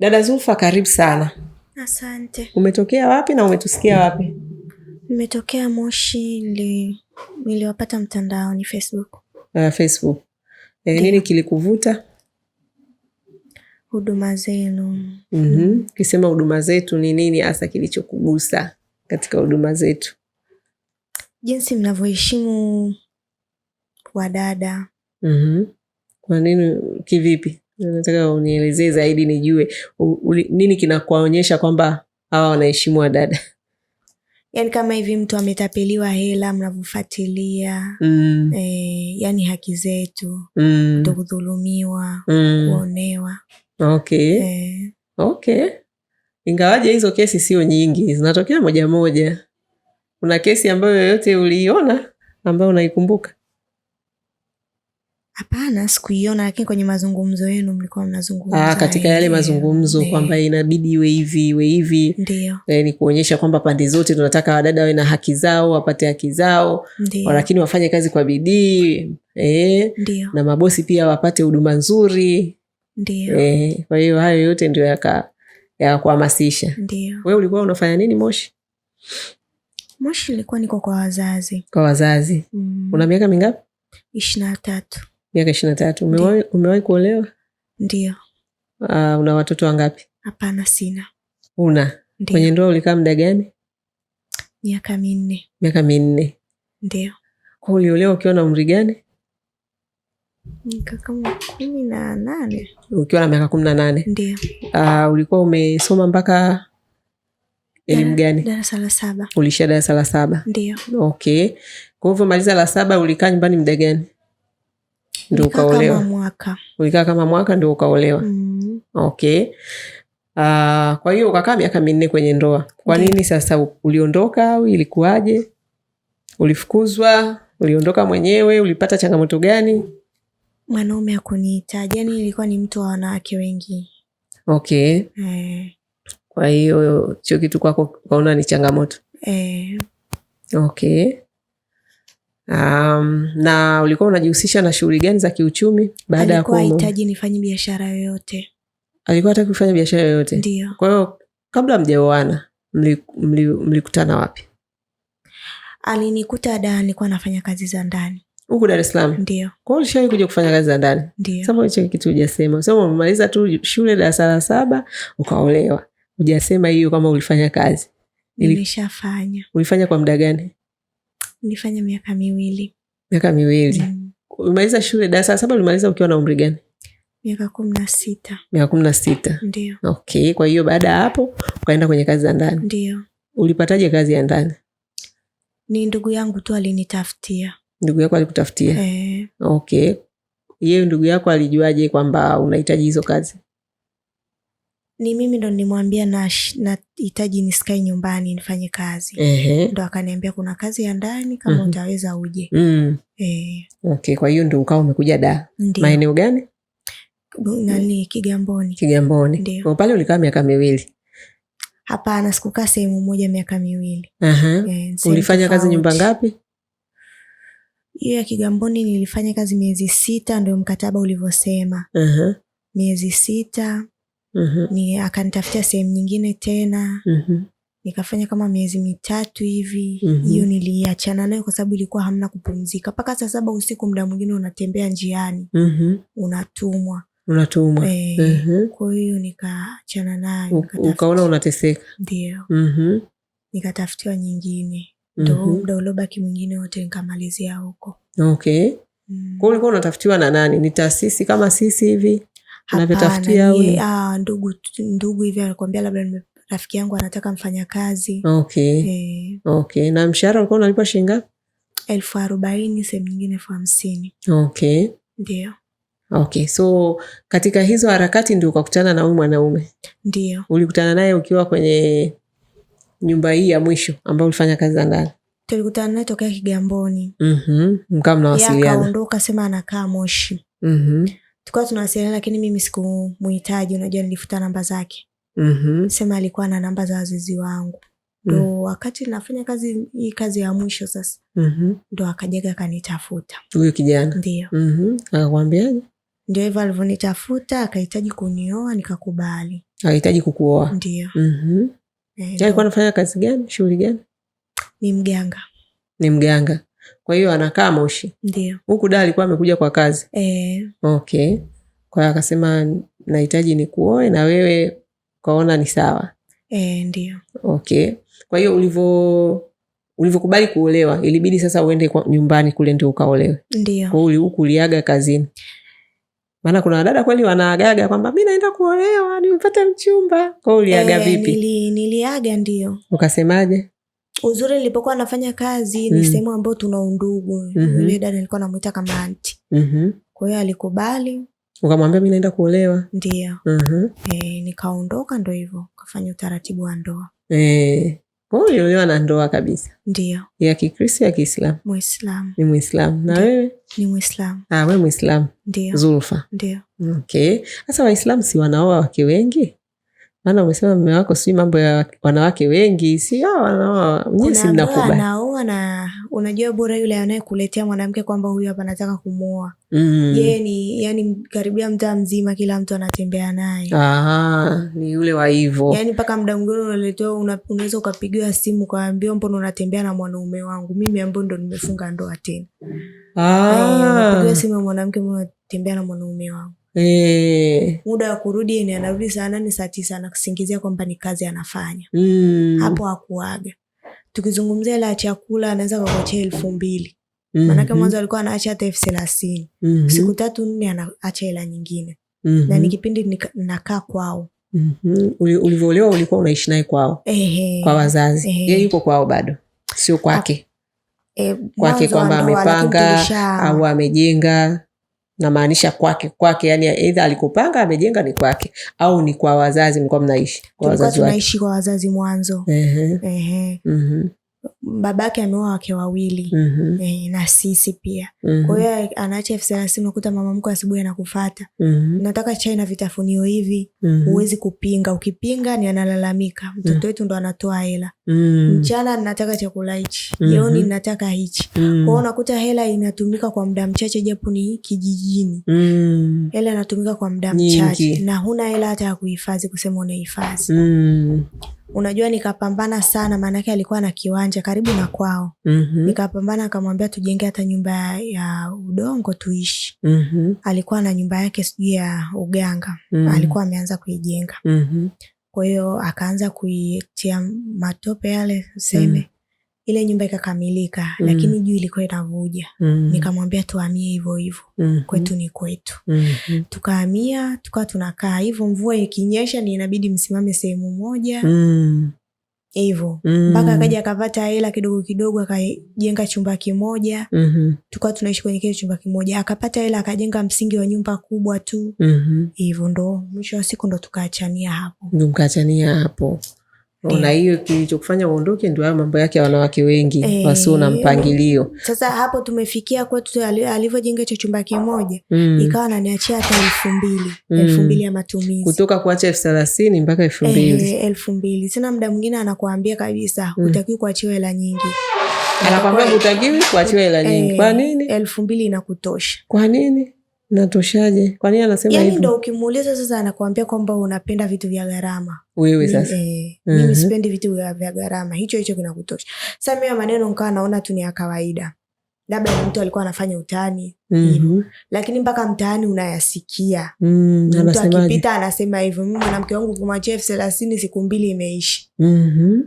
Dada Zulfa, karibu sana. Asante. Umetokea wapi na umetusikia wapi? Nimetokea Moshi, niliwapata mtandaoni Facebook. Uh, Facebook. E, nini kilikuvuta? Huduma zenu. -hmm. Kisema huduma zetu ni nini hasa kilichokugusa katika huduma zetu? Jinsi mnavyoheshimu wadada. Mhm. Kwa nini kivipi? nataka unielezee zaidi nijue nini kinakuonyesha kwamba hawa wanaheshimu dada yani kama hivi mtu ametapeliwa hela mnavyofuatilia mm. E, eh, yani haki zetu mm. kudhulumiwa mm. kuonewa okay e. okay ingawaje hizo kesi sio nyingi zinatokea moja moja kuna kesi ambayo yoyote uliiona ambayo unaikumbuka Hapana, sikuiona, lakini kwenye mazungumzo yenu mlikuwa mnazungumza ah, katika yale mazungumzo kwamba inabidi iwe hivi iwe hivi. Ndio e, eh, ni kuonyesha kwamba pande zote tunataka wadada wawe na haki zao, wapate haki zao, lakini wafanye kazi kwa bidii e, na mabosi pia wapate huduma nzuri. e, kwa hiyo hayo yote ndio yaka yakuhamasisha. We ulikuwa unafanya nini Moshi? Moshi ilikuwa niko kwa wazazi. Kwa wazazi mm. una miaka mingapi? ishirini na tatu miaka ishirini na tatu. Umewahi kuolewa? Ndio. Uh, una watoto wangapi? Hapana, sina. Una Ndiyo. Kwenye ndoa ulikaa muda gani? Miaka minne. Miaka minne. Ndio. Kwa uliolewa ukiwa na umri gani? kama kumi na nane. Ukiwa na miaka kumi na nane? Ndio. Uh, ulikuwa umesoma mpaka elimu gani? Darasa la saba. darasa la saba? Ndio. Okay. Kwa hivyo maliza la saba ulikaa nyumbani muda gani? ndio ukaolewa? Ulikaa kama mwaka ndio ukaolewa. mm. Okay. Uh, kwa hiyo ukakaa miaka minne kwenye ndoa. Kwa nini sasa uliondoka au ilikuwaje? Ulifukuzwa? Uliondoka mwenyewe? Ulipata changamoto gani? Mwanaume hakunihitaji, yani ilikuwa ni mtu wa wanawake wengi. Okay. E. Kwa hiyo sio kitu kwako ukaona ni changamoto e. Okay. Um, na ulikuwa unajihusisha na shughuli gani za kiuchumi baada ya kuwa Alikuwa nifanye biashara yoyote. Alikuwa hataki kufanya biashara yoyote? Ndio. Kwa hiyo kabla mjaoana mlikutana mli, mli wapi? Alinikuta da, nilikuwa nafanya kazi za ndani huku Dar es Salaam. Ndio. Kwa hiyo ulishawahi kuja kufanya kazi za ndani? Ndio. Sasa hicho kitu hujasema, sema umemaliza tu shule darasa la saba ukaolewa, hujasema hiyo kama ulifanya kazi. Nilishafanya. Ulifanya kwa muda gani? nilifanya miaka miwili. Miaka miwili. Mm. Umemaliza shule darasa la saba, ulimaliza ukiwa na umri gani? Miaka kumi na sita. Miaka kumi na sita. Ndio. Okay, kwa hiyo baada ya hapo ukaenda kwenye kazi za ndani. Ndio. Ulipataje kazi ya ndani? Ni ndugu yangu tu alinitafutia. Ndugu yako alikutafutia? E. Okay. Yeye ndugu yako alijuaje kwamba unahitaji hizo kazi? ni mimi ndo nilimwambia nahitaji na nisikae nyumbani nifanye kazi Ehe. ndo akaniambia kuna kazi ya ndani kama mm -hmm. utaweza uje mm. e. okay, kwa hiyo ndo ukawa umekuja da maeneo gani nani Kigamboni Kigamboni pale ulikaa miaka miwili hapana sikukaa sehemu moja miaka miwili e, ulifanya kazi nyumba ngapi hiyo ya Kigamboni nilifanya kazi miezi sita ndio mkataba ulivyosema miezi sita Mm-hmm. ni akanitafutia sehemu nyingine tena mm -hmm. nikafanya kama miezi mitatu hivi mm hiyo -hmm. niliachana nayo kwa sababu ilikuwa hamna kupumzika mpaka saa saba usiku, muda mwingine unatembea njiani mm -hmm. unatumwa unatumwa e, mm -hmm. kwa hiyo nikaachana nayo, ukaona unateseka, ndio mm -hmm. nikatafutiwa nyingine ndo mm -hmm. muda uliobaki mwingine wote nikamalizia huko. Okay. Mm. Kwa ulikuwa unatafutiwa na nani? Ni taasisi kama sisi hivi? unavyotafutia ah, ndugu ndugu hivi labda rafiki yangu anataka kazi Okay. Eh, Okay. Na mshahara ulikuwa unalipwa shilingi ngapi? elfu arobaini sehemu nyingine elfu hamsini. Okay. Ndio. Okay, so katika hizo harakati ndio ukakutana na huyu mwanaume? Ndio. Ulikutana naye ukiwa kwenye nyumba hii ya mwisho ambayo ulifanya kazi za ndani? Tulikutana naye tokea Kigamboni. mm -hmm. Mkaa mnawasiliana? Akaondoka sema anakaa Moshi. mm -hmm tukawa tunawasiliana, lakini mimi sikumuhitaji. Unajua, nilifuta namba zake mm -hmm. Sema alikuwa na namba za wazazi wangu mm. ndo mm. Wakati nafanya kazi hii kazi ya mwisho sasa mm -hmm. Ndo akajaga akanitafuta huyu kijana ndio mm -hmm. Akakwambiaje? Ndio hivyo alivyonitafuta, akahitaji kunioa nikakubali. Akahitaji kukuoa? Ndio mm -hmm. Alikuwa anafanya kazi gani? Shughuli gani? Ni mganga. Ni mganga kwa hiyo anakaa Moshi. Huku da alikuwa amekuja kwa kazi. e. Okay. Kwa hiyo akasema nahitaji nikuoe na wewe ukaona ni sawa. e, ndio. Okay. Kwa hiyo ulivyo ulivyokubali kuolewa ilibidi sasa uende kwa nyumbani kule ndio ukaolewe. Ndio. huku uliaga kazini. Maana kuna wadada kweli wanaagaga kwamba mi naenda kuolewa nimpate mchumba. Kwa uliaga e, vipi? Nili, niliaga ndio. Ukasemaje? uzuri nilipokuwa nafanya kazi mm. ni sehemu ambayo tuna undugu mm -hmm. yule dada namwita kama anti mm -hmm. kwa hiyo alikubali ukamwambia mi naenda kuolewa ndio mm -hmm. e, nikaondoka ndo hivo kafanya utaratibu wa ndoa e. Uliolewa na ndoa kabisa? Ndio. ya Kikristo ya Kiislamu? Muislamu. ni Muislamu. na wewe? ni Muislamu. Ah, wewe Muislamu? Ndio. Zulfa? Ndio. Okay, sasa Waislamu si wanaoa wake wengi? maana umesema mme wako sijui mambo ya wanawake wengi si si mnakuba na unajua bora yule anayekuletea mwanamke kwamba huyu hapa anataka kumwoa mm. ye ni yani karibia mtaa mzima kila mtu anatembea naye ni yule wa hivo yani mpaka mda mgine unaletewa unaweza ukapigiwa simu kaambiwa mbona unatembea na mwanaume wangu mimi ambayo ndo nimefunga ndoa tena ah. pigiwa simu ya mwanamke mbona unatembea na mwanaume wangu E, muda wa kurudi ni anarudi saa nane saa tisa anakusingizia kwamba ni kazi anafanya mm. Hapo akuaga. Tukizungumzia hela ya chakula anaweza kakuachia elfu mbili mm -hmm. Maanake mwanzo alikuwa anaacha hata elfu thelathini mm -hmm. Siku tatu nne anaacha hela nyingine mm -hmm. Na ni kipindi nakaa kwao mm -hmm. Ulivyoolewa ulikuwa unaishi naye kwao ehe, kwa wazazi ehe. Yeye yuko kwao bado, sio kwake eh, kwake kwamba amepanga au amejenga namaanisha kwake kwake, yani eidha alikupanga amejenga ni kwake, au ni kwa wazazi mlikuwa mnaishi? Kwa wazazi tunaishi kwa wazazi mwanzo. uh uh -huh. -huh. uh -huh babake ameoa wake wawili mm -hmm. E, na sisi pia mm -hmm. Kwa hiyo anaacha elfu thelathini unakuta mama mko asubuhi anakufata mm -hmm. nataka chai na vitafunio hivi mm huwezi -hmm. kupinga, ukipinga ni analalamika mtoto mm -hmm. wetu ndo anatoa hela mhm. mchana mm -hmm. nataka chakula hichi mhm. jioni mm -hmm. nataka hichi mm -hmm. kwao unakuta hela inatumika kwa muda mchache, japo ni kijijini mm -hmm. hela inatumika kwa muda mchache na huna hela hata ya kuhifadhi kusema unahifadhi mm -hmm. Unajua, nikapambana sana, maanake alikuwa na kiwanja karibu na kwao. mm -hmm. Nikapambana, akamwambia tujenge hata nyumba ya udongo tuishi. mm -hmm. Alikuwa na nyumba yake sijui ya uganga. mm -hmm. Alikuwa ameanza kuijenga. mm -hmm. Kwa hiyo akaanza kuitia matope yale seme mm -hmm ile nyumba ikakamilika mm. Lakini juu ilikuwa inavuja mm. Nikamwambia tuhamie hivyo hivyo mm -hmm. Kwetu ni kwetu mm -hmm. Tukahamia tukawa tunakaa hivyo, mvua ikinyesha ni inabidi msimame sehemu moja mm, mm. mpaka mm. Akaja akapata hela kidogo kidogo, akajenga chumba kimoja mm -hmm. Tukawa tunaishi kwenye kile chumba kimoja, akapata hela akajenga msingi wa nyumba kubwa tu mm-hmm. hivyo mm -hmm. Ndo mwisho wa siku ndo tukaachania hapo, mkaachania hapo una hiyo kilichokufanya uondoke ndio hayo mambo yake ya wanawake wengi e, wasio na mpangilio. Sasa hapo tumefikia kwetu, alivyojenga hicho chumba kimoja mm. ikawa naniachia hata elfu mbili mm. elfu mbili ya matumizi, kutoka kuacha elfu thelathini mpaka elfu eh, mbili e, elfu mbili sina muda mwingine anakuambia kabisa mm. kuachiwa hela nyingi anakwambia hutakiwi kuachiwa hela nyingi. Eh, Kwa nini? elfu mbili inakutosha. Kwa nini? Natoshaje? Kwa nini anasema yaani hivyo? Yani ndo ukimuuliza sasa, anakuambia kwamba unapenda vitu vya gharama. Wewe sasa, eh, mimi mm -hmm. sipendi vitu vya gharama, hicho hicho kinakutosha. Sasa mimi maneno nikawa naona tu ni ya kawaida, labda mtu alikuwa anafanya utani mm -hmm. lakini mpaka mtaani unayasikia mm, mtu akipita anasema hivyo, mimi mwanamke wangu kumwachia elfu thelathini siku mbili imeishi mm -hmm.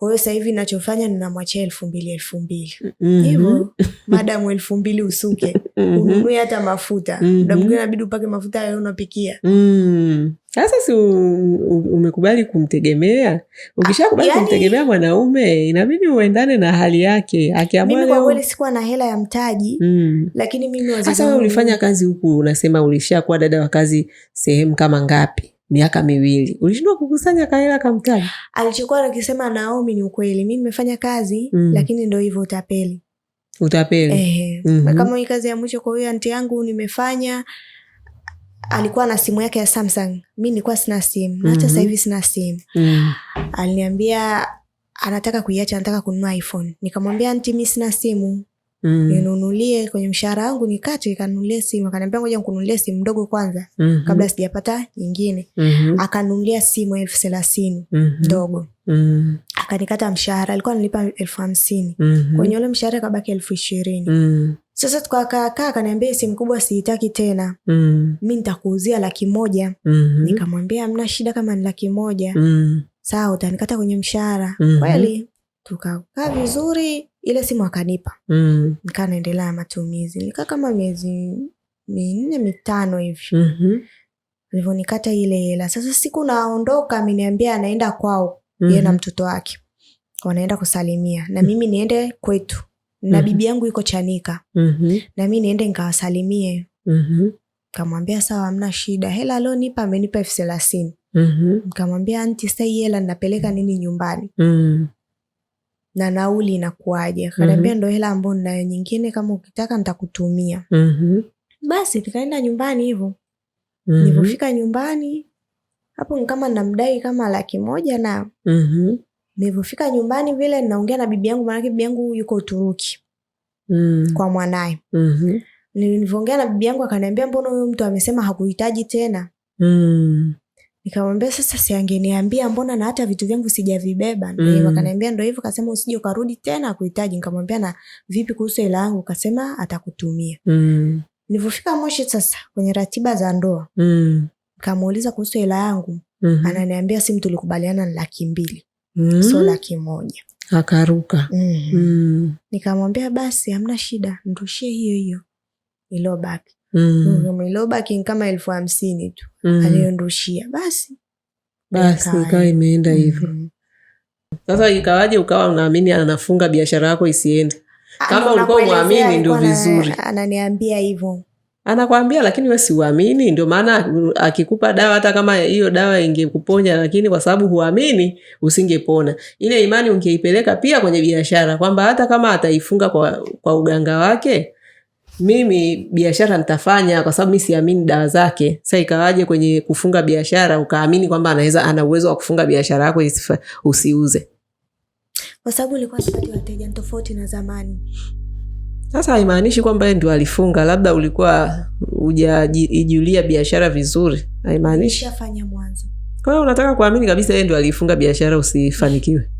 Kwa hiyo sasa hivi nachofanya ninamwachia elfu mbili elfu mbili mm hivyo madamu elfu mbili usuke mm-hmm. ununue hata mafuta mm muda mm-hmm. mwingine inabidi upake mafuta ayo unapikia mm. Sasa si umekubali kumtegemea. Ukishakubali ah, yani, kumtegemea mwanaume inabidi uendane na hali yake. Akiamua kweli sikuwa na hela ya mtaji mm. lakini mimi wazazi. ulifanya kazi huku unasema ulishakuwa dada wa kazi sehemu kama ngapi? miaka miwili ulishindwa kukusanya kahela kamtaji. Alichokuwa nakisema Naomi ni ukweli, mi nimefanya kazi mm. lakini ndo hivyo utapeli, utapeli eh, mm -hmm. kama hii kazi ya mwisho kwa huyo anti yangu nimefanya alikuwa na simu yake ya Samsung, mi nilikuwa sina simu -hmm. hata mhm. sahivi sina simu mm. Aliniambia anataka kuiacha, anataka kununua iPhone. Nikamwambia anti, mi sina simu, Mm. Ninunulie kwenye mshahara wangu nikati, kanunulie simu. Akaniambia ngoja nikununulie simu ndogo kwanza mm -hmm. kabla sijapata nyingine. Mm -hmm. Akanunulia simu elfu thelathini mhm. mm -hmm. mm -hmm. Akanikata mshahara, alikuwa nalipa elfu hamsini mm -hmm. kwenye ule mshahara kabaki elfu ishirini mm. -hmm. Sasa tukakaakaa, akaniambia simu kubwa siitaki tena mm. mi ntakuuzia laki moja mm -hmm. Nikamwambia mna shida, kama ni laki moja mm. sawa, utanikata kwenye mshahara mm -hmm. Kweli tukakaa vizuri ile simu akanipa mm. Nikaa naendelea na matumizi, nikaa kama miezi minne mitano hivi mm -hmm. Nilivyonikata ile hela sasa, siku naondoka, ameniambia anaenda kwao mm -hmm. ye na mm-hmm. mtoto wake wanaenda kusalimia na mm. mimi niende kwetu na mm-hmm. bibi yangu iko Chanika mm -hmm. na mi niende nikawasalimie mm -hmm. Kamwambia sawa, amna shida. Hela alionipa amenipa elfu thelathini mm -hmm. Kamwambia nti sai hela napeleka nini nyumbani? mm -hmm na nauli inakuwaje? Mhm. Akaniambia mm -hmm. ndo hela ambayo ninayo, nyingine kama ukitaka nitakutumia. mm -hmm. Basi tukaenda nyumbani hivyo. mm -hmm. Nilipofika nyumbani hapo kama namdai kama laki moja na mm -hmm. Nilipofika nyumbani vile naongea na bibi yangu, maanake bibi yangu yuko Uturuki mm. -hmm. kwa mwanaye mm -hmm. Nilivyoongea na bibi yangu akaniambia, mbona huyo mtu amesema hakuhitaji tena? mm. Nikamwambia sasa, si angeniambia mbona na hata vitu vyangu sijavibeba. Mm. Wakaniambia ndio hivyo, mm. kasema usije ukarudi tena kuhitaji. Nikamwambia na vipi kuhusu hela yangu? Kasema atakutumia. Mm. Nilivyofika Moshi sasa kwenye ratiba za ndoa. Mm. Kamuuliza kuhusu hela yangu. Mm -hmm. Ananiambia simu tulikubaliana ni laki mbili. Mm. So laki moja. Akaruka. Mm. Mm. Nikamwambia basi hamna shida, mrushie hiyo hiyo ilobaki mm. Nilobaki kama elfu hamsini tu mm. aliondoshia basi basi ikawa imeenda mm-hmm. hivyo mm ikawaje ukawa unaamini anafunga biashara yako isiende? Ah, kama ulikuwa umwamini ndio vizuri. Ananiambia hivyo anakwambia lakini we siuamini. Ndio maana akikupa dawa, hata kama hiyo dawa ingekuponya, lakini kwa sababu huamini usingepona. Ile imani ungeipeleka pia kwenye biashara, kwamba hata kama ataifunga kwa, kwa uganga wake mimi biashara nitafanya kwa sababu mi siamini dawa zake. Sa ikawaje kwenye kufunga biashara ukaamini kwamba anaweza, ana uwezo wa kufunga biashara yako usiuze? Kwa sababu ulikuwa unapata wateja tofauti na zamani. Sasa haimaanishi kwamba yeye ndio alifunga, labda ulikuwa hujaijulia biashara vizuri, haimaanishi fanya mwanzo. Kwa hiyo unataka kuamini kabisa yeye ndio alifunga biashara usifanikiwe?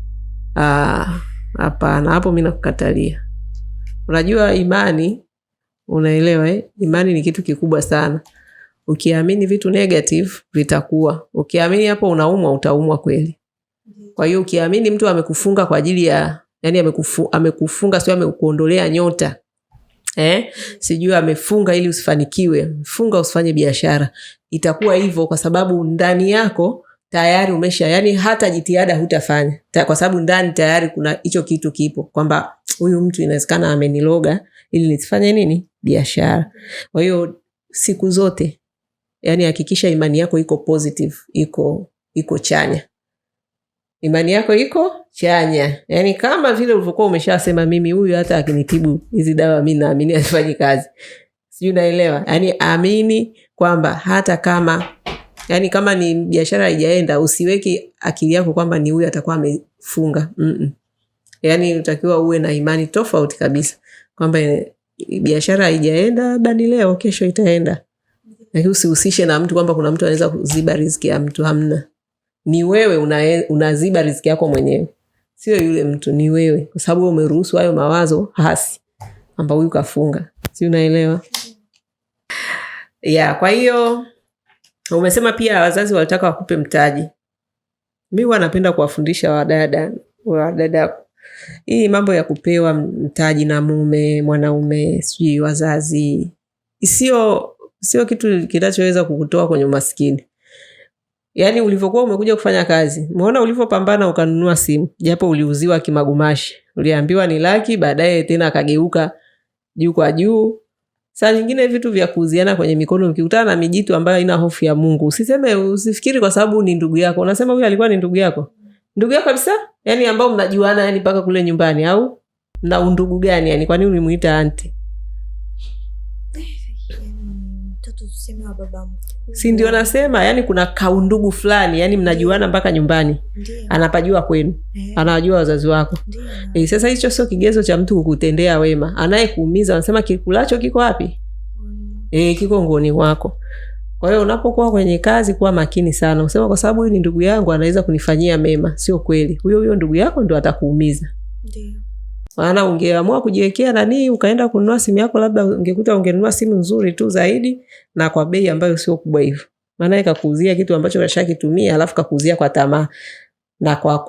Ah, hapana, hapo mi nakukatalia. Unajua imani Unaelewa eh? Imani ni kitu kikubwa sana. Ukiamini vitu negative vitakuwa. Ukiamini hapo unaumwa, utaumwa kweli. Kwa hiyo ukiamini mtu amekufunga kwa ajili ya yani, amekufu, amekufunga sio, amekuondolea nyota eh, sijui amefunga ili usifanikiwe, funga usifanye biashara, itakuwa hivyo, kwa sababu ndani yako tayari umesha, yani hata jitihada hutafanya, kwa sababu ndani tayari kuna hicho kitu kipo kwamba huyu mtu inawezekana ameniloga ili nisifanye nini biashara. Kwa hiyo siku zote, yani hakikisha imani yako iko positive, iko iko chanya imani yako iko chanya, yani kama vile ulivyokuwa umeshasema, mimi huyu hata akinitibu hizi dawa mi naamini azifanyi kazi, sijui naelewa. Yani amini kwamba hata kama yani kama ni biashara haijaenda, usiweki akili yako kwamba ni huyu atakuwa amefunga. Mm -mm yani utakiwa uwe na imani tofauti kabisa kwamba biashara haijaenda labda ni leo, kesho itaenda, lakini usihusishe na mtu kwamba kuna mtu anaweza kuziba riziki ya mtu. Hamna, ni wewe unaziba una riziki yako mwenyewe, sio yule mtu, ni wewe, kwa sababu umeruhusu hayo mawazo hasi ambao huyu kafunga, si unaelewa? Yeah, kwa hiyo umesema pia wazazi walitaka wakupe mtaji. Mi huwa napenda kuwafundisha wadada wadada hii mambo ya kupewa mtaji na mume, mwanaume, sijui wazazi, sio sio kitu kinachoweza kukutoa kwenye umaskini. Yaani ulivyokuwa umekuja kufanya kazi, umeona ulivyopambana ukanunua simu, japo uliuziwa kimagumashi, uliambiwa ni laki, baadaye tena akageuka juu kwa juu. Saa nyingine vitu vya kuuziana kwenye mikono, ukikutana na mijitu ambayo ina hofu ya Mungu, usiseme, usifikiri kwa sababu ni ndugu yako. Unasema huyu alikuwa ni ndugu yako, ndugu yako kabisa yani ambao mnajuana yani mpaka kule nyumbani au na undugu gani yani? Kwa nini ulimuita anti? si ndio nasema, yani kuna kaundugu fulani yani mnajuana mpaka nyumbani, anapajua kwenu, eh. anawajua wazazi wako e. Sasa hicho sio kigezo cha mtu kukutendea wema. Anayekuumiza wanasema kikulacho kiko wapi? E, kiko nguoni kwako. Kwa hiyo unapokuwa kwenye kazi, kuwa makini sana, usema kwa sababu huyu ni ndugu yangu anaweza kunifanyia mema. Sio kweli, huyo huyo ndugu yako ndo atakuumiza. Ndio maana ungeamua kujiwekea nani, ukaenda kununua simu yako, labda ungekuta ungenunua simu nzuri tu zaidi na kwa bei ambayo sio kubwa hivyo, maana kakuuzia kitu ambacho kashakitumia, alafu kakuuzia kwa tamaa na kwa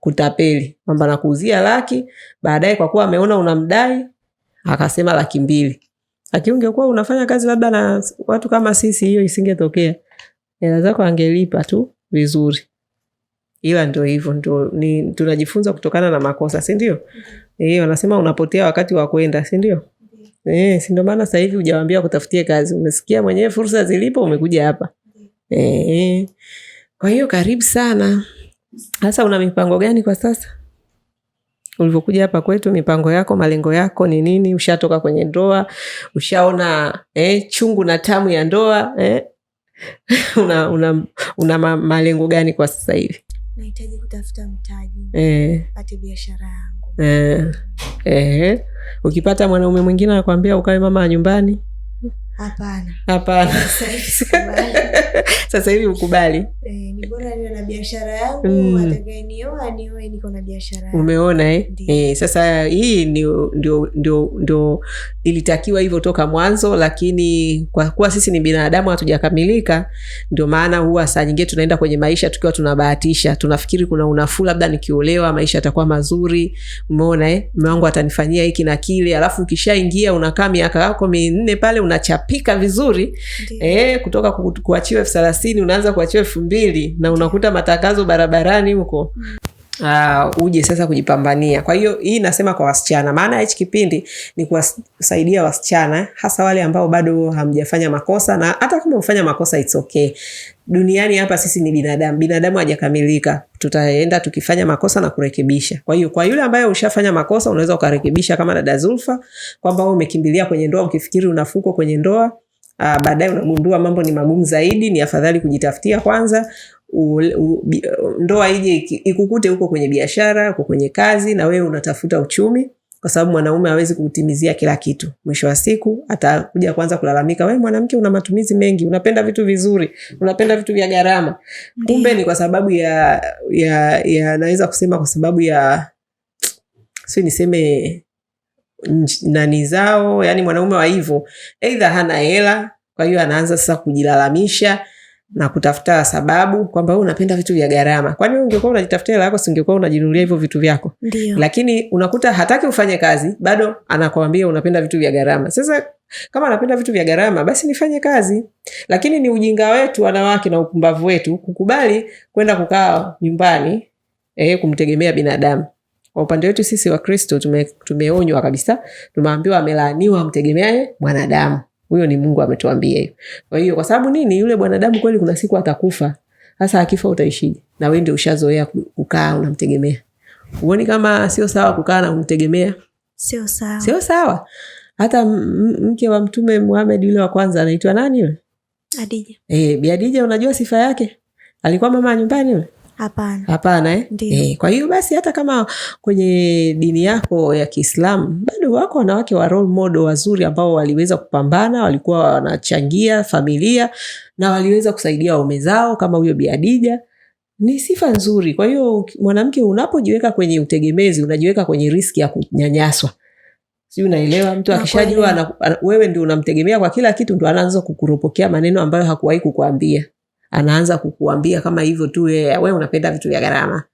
kutapeli kwamba nakuuzia laki, baadaye kwa kuwa ameona unamdai akasema laki mbili. Lakini ungekuwa unafanya kazi labda na watu kama sisi, hiyo isingetokea. Hela zako angelipa tu vizuri, ila ndo hivyo, ndo ni tunajifunza kutokana na makosa, si ndio? Mm-hmm. Eh, wanasema unapotea wakati wa kwenda, si ndio? Mm-hmm. Eh, si ndio maana sasa hivi hujawaambia kutafutie kazi, umesikia mwenyewe fursa zilipo, umekuja hapa. Mm-hmm. Eh, kwa hiyo karibu sana. Sasa una mipango gani kwa sasa? ulivyokuja hapa kwetu, mipango yako, malengo yako ni nini? Ushatoka kwenye ndoa, ushaona eh, chungu na tamu ya ndoa eh? una, una, una ma, malengo gani kwa sasa hivi? Nahitaji kutafuta mtaji eh, pate biashara yangu eh, eh. Ukipata mwanaume mwingine anakuambia ukawe mama wa nyumbani Hapana, hapana. Sasa hivi ukubali, eh, mm. Umeona eh? Eh, sasa hii ndio ndio ndio ndio ilitakiwa hivyo toka mwanzo, lakini kwa kuwa sisi ni binadamu hatujakamilika, ndio maana huwa saa nyingine tunaenda kwenye maisha tukiwa tunabahatisha, tunafikiri kuna unafuu, labda nikiolewa maisha yatakuwa mazuri. Umeona eh? Mume wangu atanifanyia hiki na kile, alafu ukishaingia unakaa miaka yako minne pale unachapa unapika vizuri eh, kutoka kuachiwa elfu thelathini unaanza kuachiwa elfu mbili na unakuta matangazo barabarani huko mm uh, uje sasa kujipambania. Kwa hiyo hii nasema kwa wasichana, maana hichi kipindi ni kuwasaidia wasichana, hasa wale ambao bado hamjafanya makosa, na hata kama ufanya makosa it's okay. Duniani hapa sisi ni binadamu, binadamu hajakamilika, tutaenda tukifanya makosa na kurekebisha. Kwa hiyo kwa yule ambaye ushafanya makosa, unaweza ukarekebisha, kama dada Zulfa, kwamba wewe umekimbilia kwenye ndoa ukifikiri unafuko kwenye ndoa. Uh, baadaye unagundua mambo ni magumu zaidi, ni afadhali kujitafutia kwanza ndoa ije ikukute huko kwenye biashara, uko kwenye kazi na wewe unatafuta uchumi, kwa sababu mwanaume hawezi kutimizia kila kitu. Mwisho wa siku atakuja kwanza kulalamika, wewe mwanamke una matumizi mengi, unapenda vitu vizuri, unapenda vitu vya gharama. Kumbe ni kwa sababu ya, ya, ya naweza kusema kwa sababu ya si niseme nani zao, yani mwanaume wa hivyo, aidha hana hela, kwa hiyo anaanza sasa kujilalamisha na kutafuta sababu kwamba wewe unapenda vitu vya gharama. Kwani ungekuwa unajitafutia hela yako, singekuwa unajinunulia hivyo vitu vyako? Ndiyo. Lakini unakuta hataki ufanye kazi, bado anakwambia unapenda vitu vya gharama. Sasa kama anapenda vitu vya gharama, basi nifanye kazi. Lakini ni ujinga wetu wanawake na upumbavu wetu kukubali kwenda kukaa nyumbani, eh, kumtegemea binadamu. Kwa upande wetu sisi Wakristo tume, tumeonywa kabisa, tumeambiwa amelaaniwa mtegemeaye mwanadamu. Huyo ni Mungu ametuambia hiyo. Kwa hiyo kwa sababu nini, yule bwanadamu kweli kuna siku atakufa. Sasa akifa utaishije? Na wewe ndio ushazoea kukaa unamtegemea. huoni kama sio sawa kukaa na kumtegemea. Sio sawa. Sio sawa. Hata mke wa Mtume Muhammad yule wa kwanza anaitwa nani yule? Adija. Eh, Bi Adija unajua sifa yake? Alikuwa mama nyumbani yule? Hapana eh? Eh, kwa hiyo basi hata kama kwenye dini yako ya Kiislamu bado wako wanawake wa role model wazuri ambao waliweza kupambana, walikuwa wanachangia familia na waliweza kusaidia waume zao kama huyo Bi Ni sifa nzuri. Kwa hiyo mwanamke, unapojiweka kwenye utegemezi, unajiweka kwenye riski ya kunyanyaswa. Sijui unaelewa, mtu akishajua wewe ndio unamtegemea kwa kila kitu, ndo anaanza kukuropokea maneno ambayo hakuwahi kukuambia anaanza kukuambia kama hivyo tu yeye, wewe unapenda vitu vya gharama.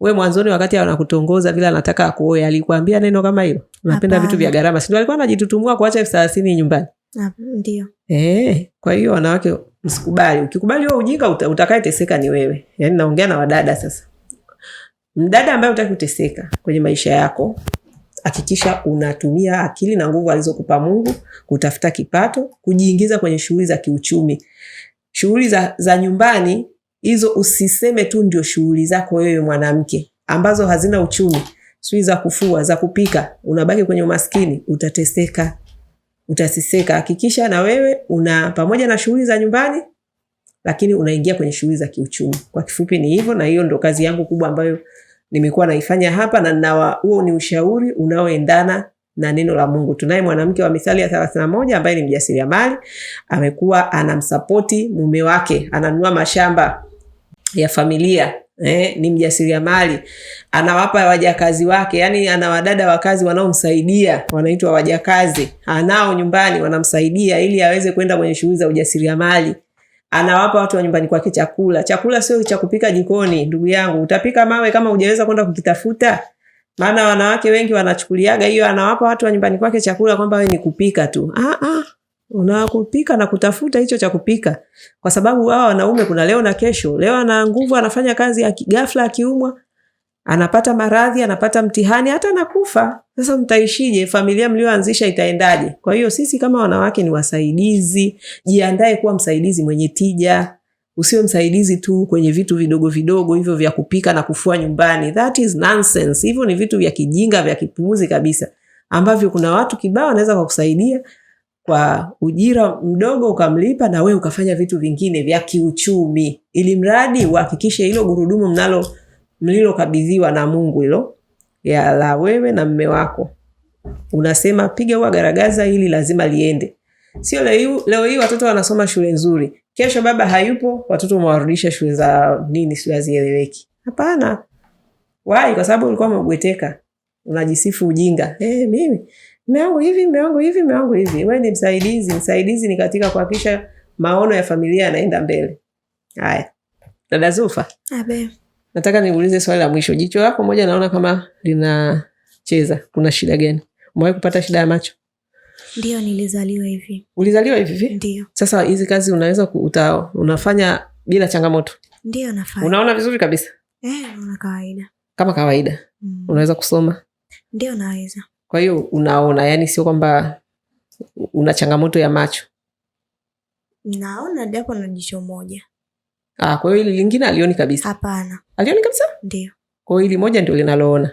Wewe mwanzoni wakati anakutongoza vile anataka akuoe, alikwambia neno kama hilo? Unapenda vitu vya gharama, si ndio? Alikuwa anajitutumua kuacha elfu thelathini nyumbani. Ndio. Eh, kwa hiyo wanawake msikubali. Ukikubali wewe ujinga utakayeteseka ni wewe. Yaani naongea na wadada sasa. Mdada ambaye hutaki kuteseka kwenye maisha yako, hakikisha unatumia akili na nguvu alizokupa Mungu kutafuta kipato, kujiingiza kwenye shughuli za kiuchumi shughuli za, za nyumbani hizo usiseme tu ndio shughuli zako wewe mwanamke ambazo hazina uchumi, sijui za kufua, za kupika, unabaki kwenye umaskini, utateseka, utasiseka. Hakikisha na wewe una pamoja na shughuli za nyumbani, lakini unaingia kwenye shughuli za kiuchumi. Kwa kifupi ni hivyo, na hiyo ndo kazi yangu kubwa ambayo nimekuwa naifanya hapa, na huo ni ushauri unaoendana na neno la Mungu. Tunaye mwanamke wa Mithali ya thelathini na moja ambaye ni mjasiriamali, amekuwa anamsapoti mume wake, ananunua mashamba ya familia eh, ni mjasiriamali, anawapa wajakazi wake, yani ana wadada wa kazi wanaomsaidia, wanaitwa wajakazi, anao nyumbani wanamsaidia ili aweze kwenda kwenye shughuli za ujasiriamali anawapa watu wa nyumbani kwake chakula. Chakula sio cha kupika jikoni, ndugu yangu, utapika mawe kama hujaweza kwenda kukitafuta. Maana wanawake wengi wanachukuliaga hiyo, anawapa watu wa nyumbani kwake chakula kwamba wewe ni kupika tu. Ah, ah, unakupika na kutafuta hicho cha kupika, kwa sababu hawa wanaume kuna leo na kesho. Leo ana nguvu, anafanya kazi, ghafla akiumwa anapata maradhi, anapata mtihani, hata anakufa. Sasa mtaishije? Familia mlioanzisha itaendaje? Kwa hiyo sisi kama wanawake ni wasaidizi, jiandae kuwa msaidizi mwenye tija. Usiwe msaidizi tu kwenye vitu vidogo vidogo hivyo vya kupika na kufua nyumbani. That is nonsense. Hivyo ni vitu vya kijinga vya kipuuzi kabisa, ambavyo kuna watu kibao wanaweza kukusaidia kwa ujira mdogo ukamlipa na we ukafanya vitu vingine vya kiuchumi, ili mradi uhakikishe hilo gurudumu mnalo mlilokabidhiwa na Mungu hilo ya la wewe na mme wako, unasema piga uwa garagaza, hili lazima liende. Sio leo, hii watoto wanasoma shule nzuri, kesho baba hayupo, watoto umewarudisha shule za nini sio azieleweki. Hapana, wai, kwa sababu ulikuwa umegweteka, unajisifu ujinga. Hey, eh, mimi mume wangu hivi, mume wangu hivi, mume wangu hivi. Wewe ni msaidizi. Msaidizi ni katika kuhakikisha maono ya familia yanaenda mbele. Haya, dada Zulfa, abe, nataka niulize swali la mwisho. Jicho lako moja naona kama linacheza, kuna shida gani? Umewahi kupata shida ya macho? Ndio, nilizaliwa hivi. Ulizaliwa hivi? Ndio. Sasa hizi kazi unaweza kuta, unafanya bila changamoto? Ndio, nafanya. Unaona vizuri kabisa? Eh, kawaida kama kawaida. Mm. Unaweza kusoma? Ndio, naweza. Kwa hiyo unaona, yani sio kwamba una changamoto ya macho? Naona japo na jicho moja. Ah, kwa hiyo hili lingine alioni kabisa? Hapana. Alioni kabisa? Ndio. Kwa hili moja ndio linaloona,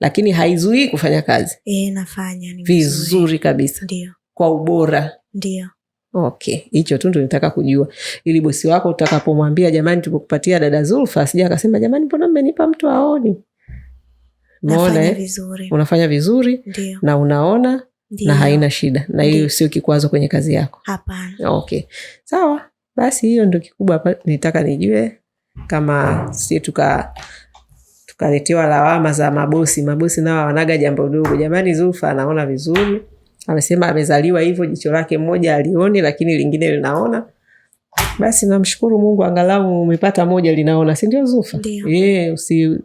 lakini haizuii kufanya kazi e, nafanya ni vizuri kabisa Ndiyo. kwa ubora Ndiyo. Okay, hicho tu ndo nitaka kujua, ili bosi wako utakapomwambia jamani, tukupatia dada Zulfa, sija akasema jamani, mbona mmenipa mtu aoni. Unaona eh? unafanya vizuri Ndiyo. na unaona Ndiyo. na haina shida na hiyo sio kikwazo kwenye kazi yako. Hapana. Okay, sawa basi, hiyo ndo kikubwa hapa nitaka nijue kama si tuka tukaletewa lawama za mabosi. Mabosi nao wanaga jambo dogo. Jamani, Zulfa anaona vizuri, amesema amezaliwa hivyo, jicho lake mmoja alioni, lakini lingine linaona. Basi namshukuru Mungu, angalau umepata moja linaona, si ndio Zulfa? Yeah, usi,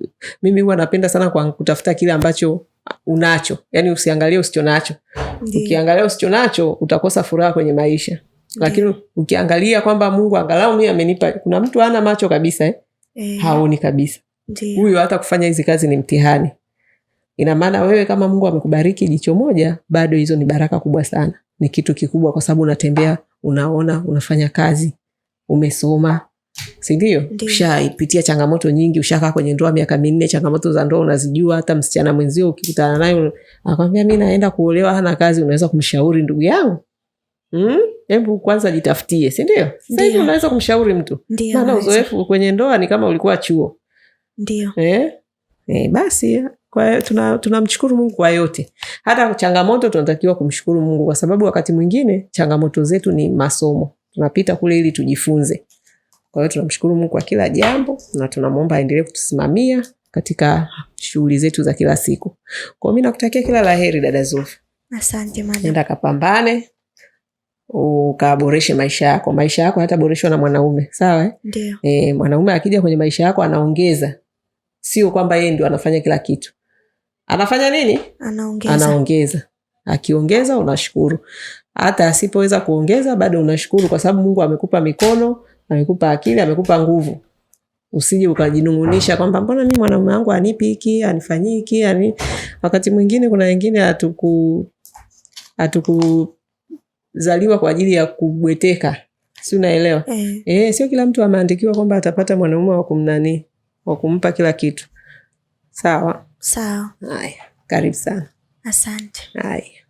mimi huwa napenda sana kwa kutafuta kile ambacho unacho, yani usiangalie usicho nacho. Ukiangalia usicho nacho utakosa furaha kwenye maisha lakini Ukiangalia kwamba Mungu angalau mimi amenipa. Kuna mtu ana macho kabisa eh? Eh, Haoni kabisa huyu hata kufanya hizi kazi ni mtihani. Ina maana wewe kama Mungu amekubariki jicho moja, bado hizo ni baraka kubwa sana, ni kitu kikubwa, kwa sababu unatembea, unaona, unafanya kazi, umesoma, sindio Ushaipitia changamoto nyingi, ushakaa kwenye ndoa miaka minne, changamoto za ndoa unazijua. Hata msichana mwenzio ukikutana naye akwambia mi naenda kuolewa, hana kazi, unaweza kumshauri ndugu yangu Mm, hebu kwanza jitafutie, sindio sahivi unaweza kumshauri mtu, maana uzoefu kwenye ndoa ni kama ulikuwa chuo. Ndio. Eh? Eh, basi kwa tuna tunamshukuru Mungu kwa yote, hata changamoto tunatakiwa kumshukuru Mungu kwa sababu wakati mwingine changamoto zetu ni masomo, tunapita kule ili tujifunze. Kwa hiyo tunamshukuru Mungu kwa kila jambo na tunamwomba aendelee kutusimamia katika shughuli zetu za kila siku. Kwa hiyo mimi nakutakia kila laheri dada Zulfa. Asante madam. Nenda kapambane ukaboreshe maisha yako. Maisha yako hataboreshwa na mwanaume, sawa eh? Ndio. Eh, mwanaume akija kwenye maisha yako anaongeza sio kwamba yeye ndio anafanya kila kitu. Anafanya nini? Anaongeza, anaongeza. Akiongeza unashukuru, hata asipoweza kuongeza bado unashukuru, kwa sababu Mungu amekupa mikono, amekupa akili, amekupa nguvu. Usije ukajinungunisha kwamba mbona mi mwanaume wangu anipi hiki anifanyi hiki ani... wakati mwingine kuna wengine hatuku hatukuzaliwa kwa ajili ya kubweteka, si unaelewa? Eh, eh sio kila mtu ameandikiwa kwamba atapata mwanaume wa kumnanii wa kumpa kila kitu. Sawa sawa. Haya, karibu sana. Asante. Haya.